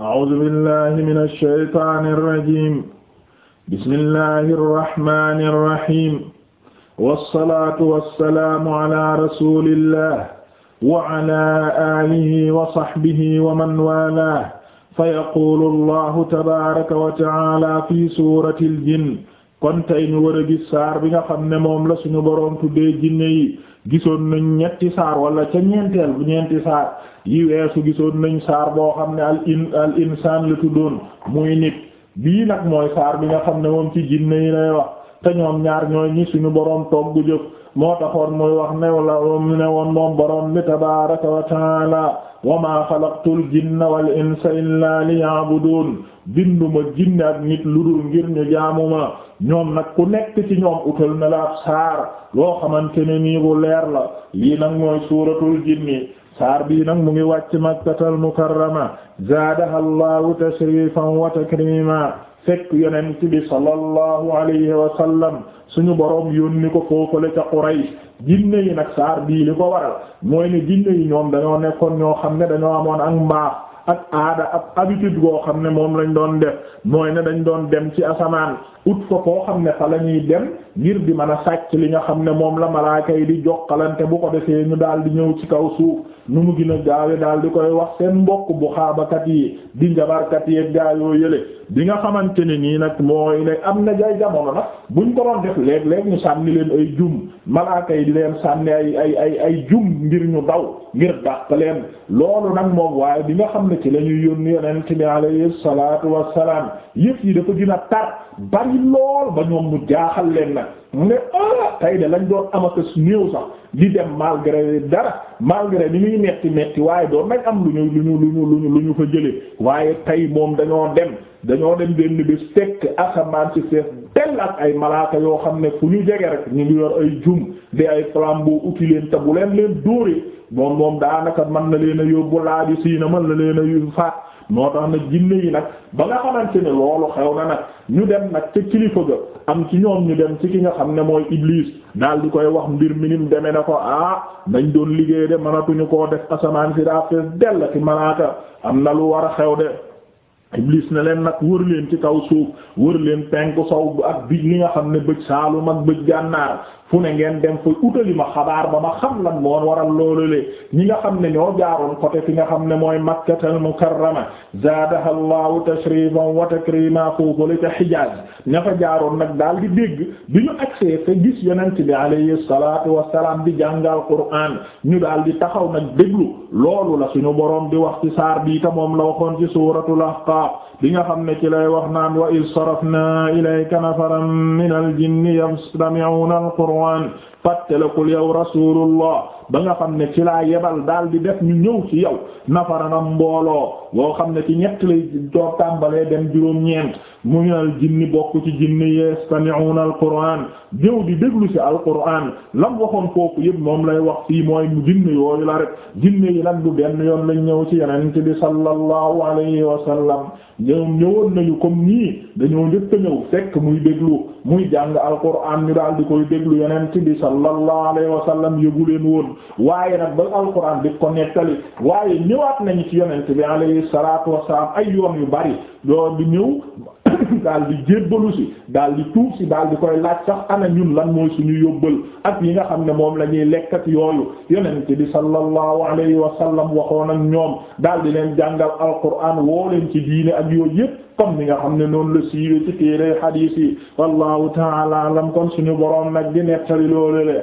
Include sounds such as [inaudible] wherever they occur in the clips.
أعوذ بالله من الشيطان الرجيم بسم الله الرحمن الرحيم والصلاة والسلام على رسول الله وعلى آله وصحبه ومن والاه فيقول الله تبارك وتعالى في سورة الجن kon tey ñu war a gis saar bi nga xam ne moom la suñu boroom tuddee jinne yi gisoon nañ ñetti saar wala ca ñeenteel bu ñeenti saar yi weesu gisoon nañu saar boo xam ne al in al insaan la tuddoon muy nit bii nag mooy saar bi nga xam ne moom ci jinne yi lay wax te ñoom ñaar ñooy ñi suñu boroom togg jëf moo taxoon muy wax new la ne woon moom borom bi tabaraka wa taala wa ma xalaqtul jinna wal insa illa liya'budun binduma jinne ak nit lu dul ngir ñu jaamuma ñoom nag ku nekk ci ñoom utal na ab saar loo xamante ne nii bu leer la lii nag mooy suuratul jinni saar bii nag mu ngi wàcc makkatal mukarrama zaadaha allahu tashrifan wa takrima fekk yonent bi sallallahu alayhi wa suñu borom yónni ko foofale ca yi jinne yi nag saar bii li ko waral mooy ne jinne yi ñoom dañoo nekkoon ñoo xam ne dañoo amoon ak mbaax ak aada ak habitude goo xam ne moom lañ doon def mooy ne dañ doon dem ci asamaan ut fa koo xam ne fa la dem ngir di mën a sàcc li nga xam ne moom la malaaka yi di jokkalante bu ko defee ñu daal di ñëw ci kaw suuf nu mu gën a gaawe daal di koy wax seen mbokk bu xaabakat yi di njabarkat yi gaa yoo yële bi nga xamante ne nii nag mooy ne am na jay jamono nag buñ ko doon def léeg-léeg ñu sànni leen ay jum malaaka yi di leen sànni ay ay ay ay jum ngir ñu daw ngir dàq leen loolu nag moom waaye bi nga xam ne ci la ñuy yónni yonent bi alayhi salaatu wassalaam yëf yi dafa gën a tar bari lool ba ñoom mu jaaxal leen nag mu ne ah, tey de lañ doon amaka néew sax di dem malgré dara malgré li muy metti metti waaye doon nañ am lu ñu lu ñu lu ñu lu ñu fa jële waaye tey moom dañoo dem dañoo dem benn bés fekk asamaan ci fees dell ak ay malaaka yoo xam ne fu ñu jege rek ñu ngi yor ay jum di ay flambeau uti leen te bu leen leen dóoree moom moom daanaka mën na leen a yóbbu laaji siina mën na leen a yu moo tax na jinne yi nag ba nga xamante ne loolu xew na nag ñu dem nag ca kilifa ga am ci ñoom ñu dem ci ki nga xam ne mooy Iblis daal di koy wax mbir mi nim demee na ko ah nañ doon liggéey de mënatuñu koo def asamaan si daa fees dell ci malaaka am na lu war a xew de. Iblis ne leen nag wër leen ci kaw suuf wër leen penku sow ak bi li nga xam ne bëj saalum ak bëj gànnaar fu ne ngeen dem fa utali ma xabaar ba ma xam lan moo waral loolule ñi nga xam ne ñoo jaaroon côté fi nga xam ne mooy makkatal mukarrama zaadaha allahu tashrifan wa takrima foofale ca xijaaz ña fa jaaroon nag daal di dégg bi ñu agsee fa gis yonent bi alayhi salatu wasalaam di jàngal qur'aan ñu daal di taxaw nag déglu loolu la suñu boroom di wax ci saar bii ta moom la waxoon ci suuratul ahqaaf bi nga xam ne ci lay wa iz sarafna ilayka nafaran minal jinni Safwan pattalekul yow rasulullah ba nga xam ne ci laa yebal daal di def ñu ñëw ci yow nafaranam mbooloo boo xam ne ci ñett lay door tàmbalee dem juróom-ñeent mu ngi al jinni bokk ci jinni yastami'una alquran jëw di déglu ci alquran lam waxoon foofu yëpp moom lay wax fii mooy jinni yooyu la rek jinni yi lan du benn yoon lañ ñëw ci yonent bi sallallahu alayhi wa sallam ñoom ñëwoon nañu comme nii dañoo njëkk a ñëw fekk muy déglu muy jàng alquran ñu daal di koy déglu sallallahu alayhi wa sallam yëgu leen woon waaye nag ba alquran di ko nettali waaye ñëwaat nañu ci yonent bi alayhi salaatu wassalaam ay yoon yu bari doo di ñëw [coughs] daal di jébbalu si daal di tuub si daal di koy laaj sax ana ñun lan mooy suñu yóbbal ak yi nga xam ne moom la ñuy lekkat yooyu yonent bi sallallahu alayhi wa sallam waxoon ak ñoom daal di leen jàngal alquran woo leen ci diine ak yooyu yépp comme ni nga xam ne noonu la siiwee ci téere xadiis yi wallahu taala alam kon suñu boroom nag di nettali loolu le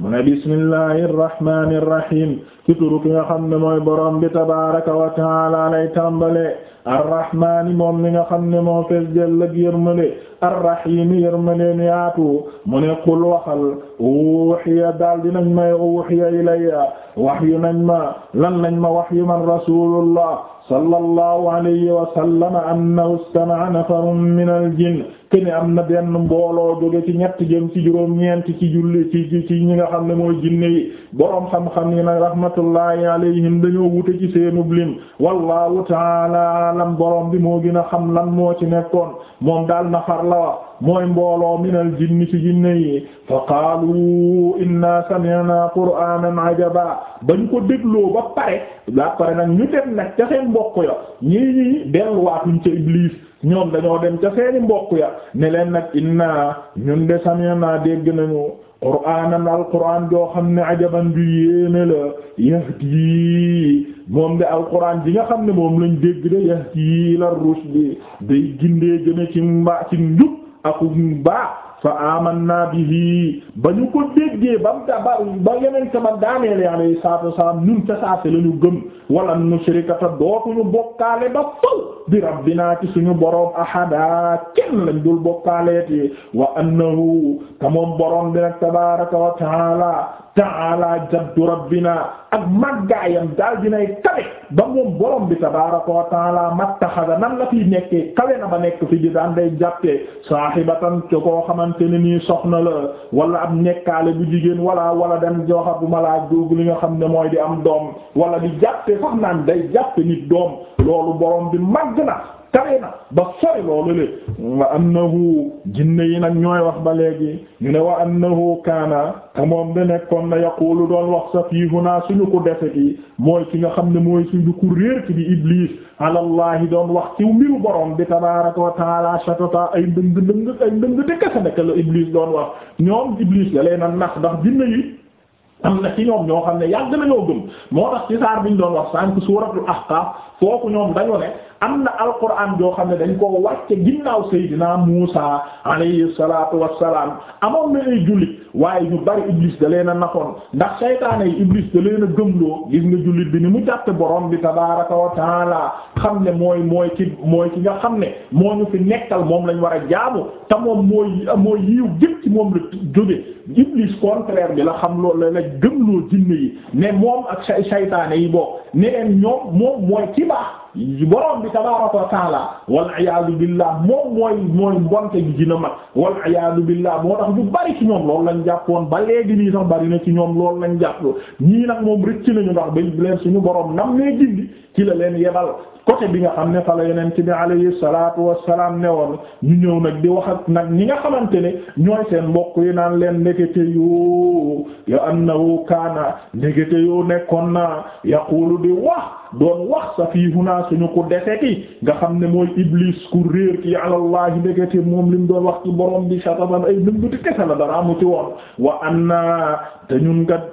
mu ne bismillahir rahmanir rahim ci turu ki nga xam ne mooy borom bi tabaaraka wa taala lay tàmbale arrahmaani moom mi nga xam ne moo fees dell ak yërmale arrahiimi yërmaleen yaatu mu ne qul waxal wuxiya daal dinañ may wuxiya ilayya waxyu nañ ma lan lañ ma waxyu man rasulullah sallallahu alayhi wa sallam annahu istama'a nafarun min al-jinn kene am na benn mbooloo jóge ci ñett jëm ci juróom-ñeent ci julli ci ci ñi nga xam ne mooy jinne yi boroom xam-xam yi nag rahmat rahmatullahi alayhim dañoo wute ci seenub lim wallahu taala alam bi moo gën a xam lan moo ci nekkoon moom daal nafar la wax mooy mbooloo minal jinni ci jinne yi fa qaalu inna sami'na qur'anan ajaba bañ ko dégloo ba pare daa pare nag ñu dem nag ca seen mbokk ya ñii ñii delluwaatuñ ca Iblis ñoom dañoo dem ca seeni mbokk ya ne leen nag inna ñun de sami'na dégg nañu qur'aanan alqur'aan joo xam ne ajaban ju yéeme la yahdi moom de alqur'aan ji nga xam ne moom lañ dégg de la ila rushdi day gindee jëme ci mbaa ci njub ak mbaa fa amanna bihi ba ñu ko déggee ba ba ba yeneen sama daaneel alayhi salaatu wa salaam ñun ca saase la ñu gëm wala nushrikata dootuñu bokkaale ba faw bi rabbinaa ci suñu boroom ahada kenn lañ dul bokkaaleeti wa annahu te moom boroom bi nag tabaaraka wa taala taala jaddu rabbina ak màggaayam daal dinay kawe ba moom boroom bi tabaaraka wa taala mattaxada nan la fiy nekkee kawe na ba nekk fi di daan day jàppee saahibatan ci koo xamante ne nii soxna la wala am nekkaale bu jigéen wala wala dem joxa bu malaaj doogu li nga xam ne mooy di am doom wala di jàppee sax naan day jàppe nit doom loolu boroom bi mag àgg na kawe na ba sori loolu le wa annahu jinne yi nag ñooy wax ba léegi ñu ne wa annahu kaana te moom da nekkoon na yaqulu doon wax safihuna suñu ko defe yi mooy ki nga xam ne mooy suñu ko réer ci di iblis alallahi doon wax ci mbiru borom bi tabaaraka wa taala shatata ay ndëng ndëng ay ndëng te kese nekk la iblis doon wax ñoom la leen a ndax jinne yi am na ci ñoom ñoo xam ne yàgg nañoo gëm moo tax ci saar biñ doon wax sànk a ahqaaf foofu ñoom dañoo ne am na alquran joo xam ne dañ koo wàcce ginnaaw Seydina Muusa alayhi salaatu wassalaam amoon na ay jullit waaye ñu bari iblis da leen a naxoon ndax saytaane yi iblis da leen a gëmloo gis nga jullit bi ni mu jàppe borom bi tabaaraka wa taala xam ne mooy mooy ki mooy ki nga xam ne moo ñu fi nekkal moom lañ war a jaamu te moom mooy mooy yiw ci moom la jóge iblis contraire bi la xam loolu la gëmloo jinne yi ne moom ak saytaane yi boo baax borom bi tabaaraka wa taala wal iyaadu billah moom mooy mooy mbonte gi dina mag wal iyaadu billah moo tax ñu bari ci ñoom loolu lañ jàppoon ba léegi nii sax bari na ci ñoom loolu lañ jàpp ñii nag moom rëcc nañu ndax bañ leen suñu boroom nam nee gindi ci la leen yebal côté bi nga xam ne fa la ci bi alayhi salaatu wassalaam ne woon ñu ñëw nag di wax ak nag ñi nga xamante ne ñooy seen mbokk yi naan leen ndekete yoo ya annahu kaana ndekete yoo nekkoon na yaqulu di suñu ku dese nga xam ne mooy iblis ku réer ki àlallahi ndekete moom lim doon wax ci borom bi sataban ay nëmbati kese la amu ci woon wa anna te ñun kat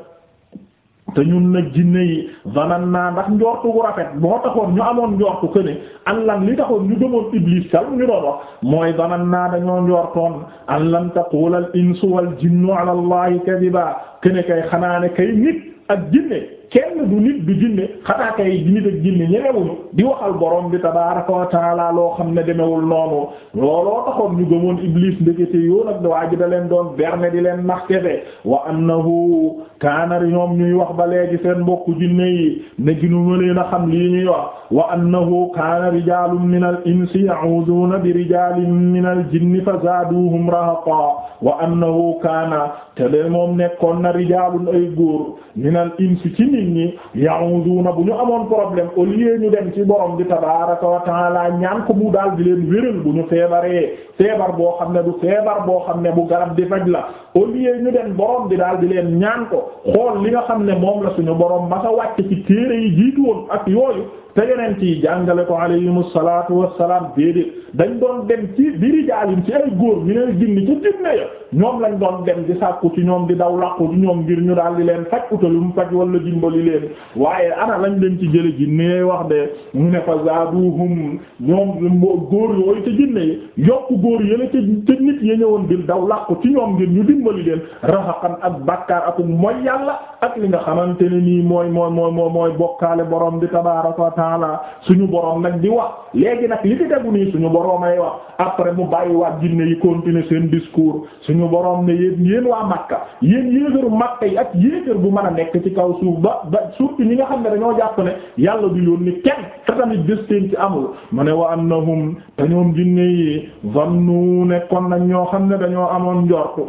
te ñun na jinne yi vanan naa ndax njortu gu rafet moo taxoon ñu amoon njortu que ne an lan li taxoon ñu gëmoon iblis sal ñu doon wax mooy vanan naa dañoo njortoon an lan taqula al insu wal jinnu ala allahi kadiba kene kay xanaa ne kay nit ak jinne kenn du nit du jinne xanaa kay nit ak jinne ñemewuñu di waxal borom bi tabaaraka wa loo xam ne demewul noonu looloo taxoon ñu gëmoon iblis ndekete yoo nag waa ji da leen doon berne di leen nax kefe wa annahu kaana ñoom ñuy wax ba léegi seen mbokku jinne yi ne ginu ma leen a xam lii ñuy wax wa annahu kaana rijaalun min al insi ya'uuduuna bi rijaalin min al jinni fa zaaduuhum rahaqa wa annahu kaana te de moom nekkoon na rijaalun ay góor min al insi nit ñi ya'uduna bu ñu amoon problème au lieu ñu dem ci borom bi tabaaraka wa ta'ala ñaan ko mu daal di leen wéral bu ñu feebaree feebar boo xam ne du feebar boo xam ne bu garab di faj la au lieu ñu dem borom di daal di leen ñaan ko xool li nga xam ne moom la suñu ma masa wàcc ci téere yi jiitu woon ak yooyu te yonent yi jàngale ko alayhimu salaatu wa wassalaam de dañ doon dem ci biri jaalim ci ay góor ñu ne ginni ci jinne ya ñoom lañ doon dem di sàkku ci ñoom di daw làqu ci ñoom ngir ñu daal di leen faj utalum faj wala dimbali leen waaye ana lañ leen ci jële jinne wax de ñu ne fa zaaduhum ñoom góor yooyu te jinne yi yokk góor yële te te nit ya ñëwoon di daw làqu ci ñoom ngir ñu dimbali leen raxaqan ak bàkkaar ak mooy yàlla ak li nga xamante ne nii mooy mooy mooy mooy bokkaale borom di tabaaraka taala suñu borom nag di wax léegi nag li fi tegu nii suñu borom ay wax après mu bàyyiwaat ginne yi continuer seen discours suñu borom ne yéen yéen waa Makka yéen yéegaru Makka yi ak yéegar bu mën a nekk ci kaw suuf ba ba surtout ñi nga xam ne dañoo jàpp ne yàlla du ni kenn te tamit destin ci amul mu ne wa annahum te ñoom jinne yi zannu nekkoon nag ñoo xam ne dañoo amoon njortu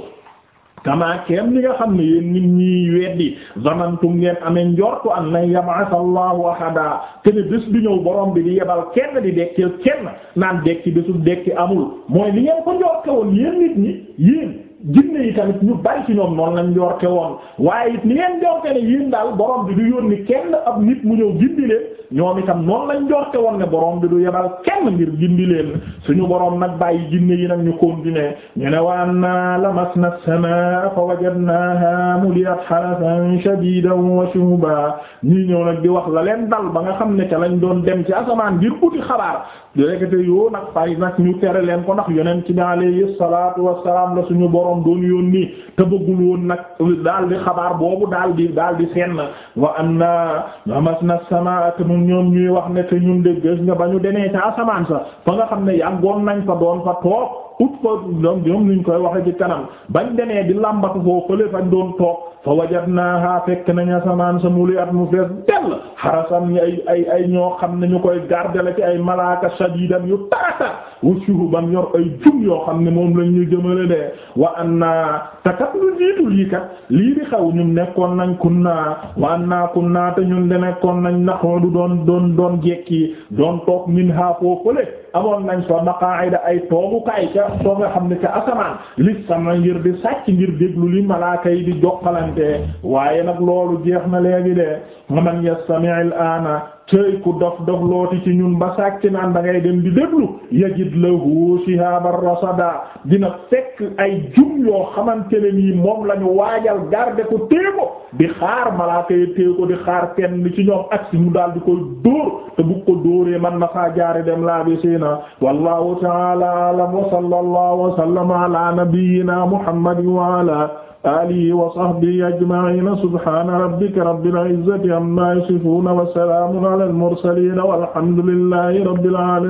kamaa keem li nga xam ne yéen nit ñi weddi zamantum ngeen amee njortu an lan yab'atha Allahu ahada te ne bés du ñëw borom bi di yebal kenn di dekkil kenn naan dekki bésul dekki amul mooy li ngeen ko njorte woon yéen nit ñi yéen jinne yi tamit ñu bari ñoom noonu lañ jorte woon waaye it ni ngeen jorte ne yéen daal borom bi du yónni kenn ab nit mu ñëw gindi leen ñoom itam noonu lañ jorte woon ne boroom bi du yebal kenn ngir gindi leen suñu borom nag bàyyi jinne yi nag ñu continuer ñu ne wa anna lamasna as-samaa fa wajadnaaha muliyat harasan shadidan wa shuhuba ñii ñëw nag di wax la leen dal ba nga xam ne ca lañ doon dem ci asamaan ngir uti xabaar léegi yoo nag fay nag ñu tere leen ko ndax yonent bi alayhi salaatu wassalaam la suñu borom doon yónni te bëggul woon nag daal di xabaar boobu daal di daal di seen wa na anna na samaa te mu ñoom ñuy wax ne te ñun de gis nga ba ñu demee ca asamaan sa fa nga xam ne yàggoon nañ fa doon fa toog. ut fa ñoom ñoom ñu koy waxe ci kanam bañ demee di làmbatu foo fële fañ doon toog fa wajadnaha fekk nañ asamaan sa muli at mu fees dell xarasam ay ay ay ñoo xam ne ñu koy garder la ci ay malaaka shadidan yu tarata wa shuhuban yor ay jum yoo xam ne moom lañu ñu jëmale de wa anna takat lu jiitu lii kat lii di xaw ñun nekkoon nañ kunna wa anna kunna te ñun de nekkoon nañ naxoo du doon doon doon jekki doon toog min ha foo fële amoon nañ fa maqaa'ida ay toogukaay ca soo nga xam ne ca asamaan li sama ngir di sàcc ngir déglu li malaaka yi di jokkalante waaye nag loolu jeex na léegi de man yastami'il aana tey ku dof dof looti ci ñun ba sàcc naan da ngay dem di déglu yajid lahu shihaban rasada dina fekk ay jum yoo xamante ne nii moom lañu waajal garde ko téye di xaar malaaka yi téye ko di xaar kenn ci ñoom ak si mu daal di koy dóor te bu ko dóoree man na faa jaare dem laa bi sina wallahu ta'ala a'lam wa sallallahu wa sallama ala nabiyyina muhammadin wa ala alihi wa sahbihi ajma'ina subhana rabbika rabbil izzati amma yasifuna wa salamun ala al mursalin walhamdulillahi rabbil alamin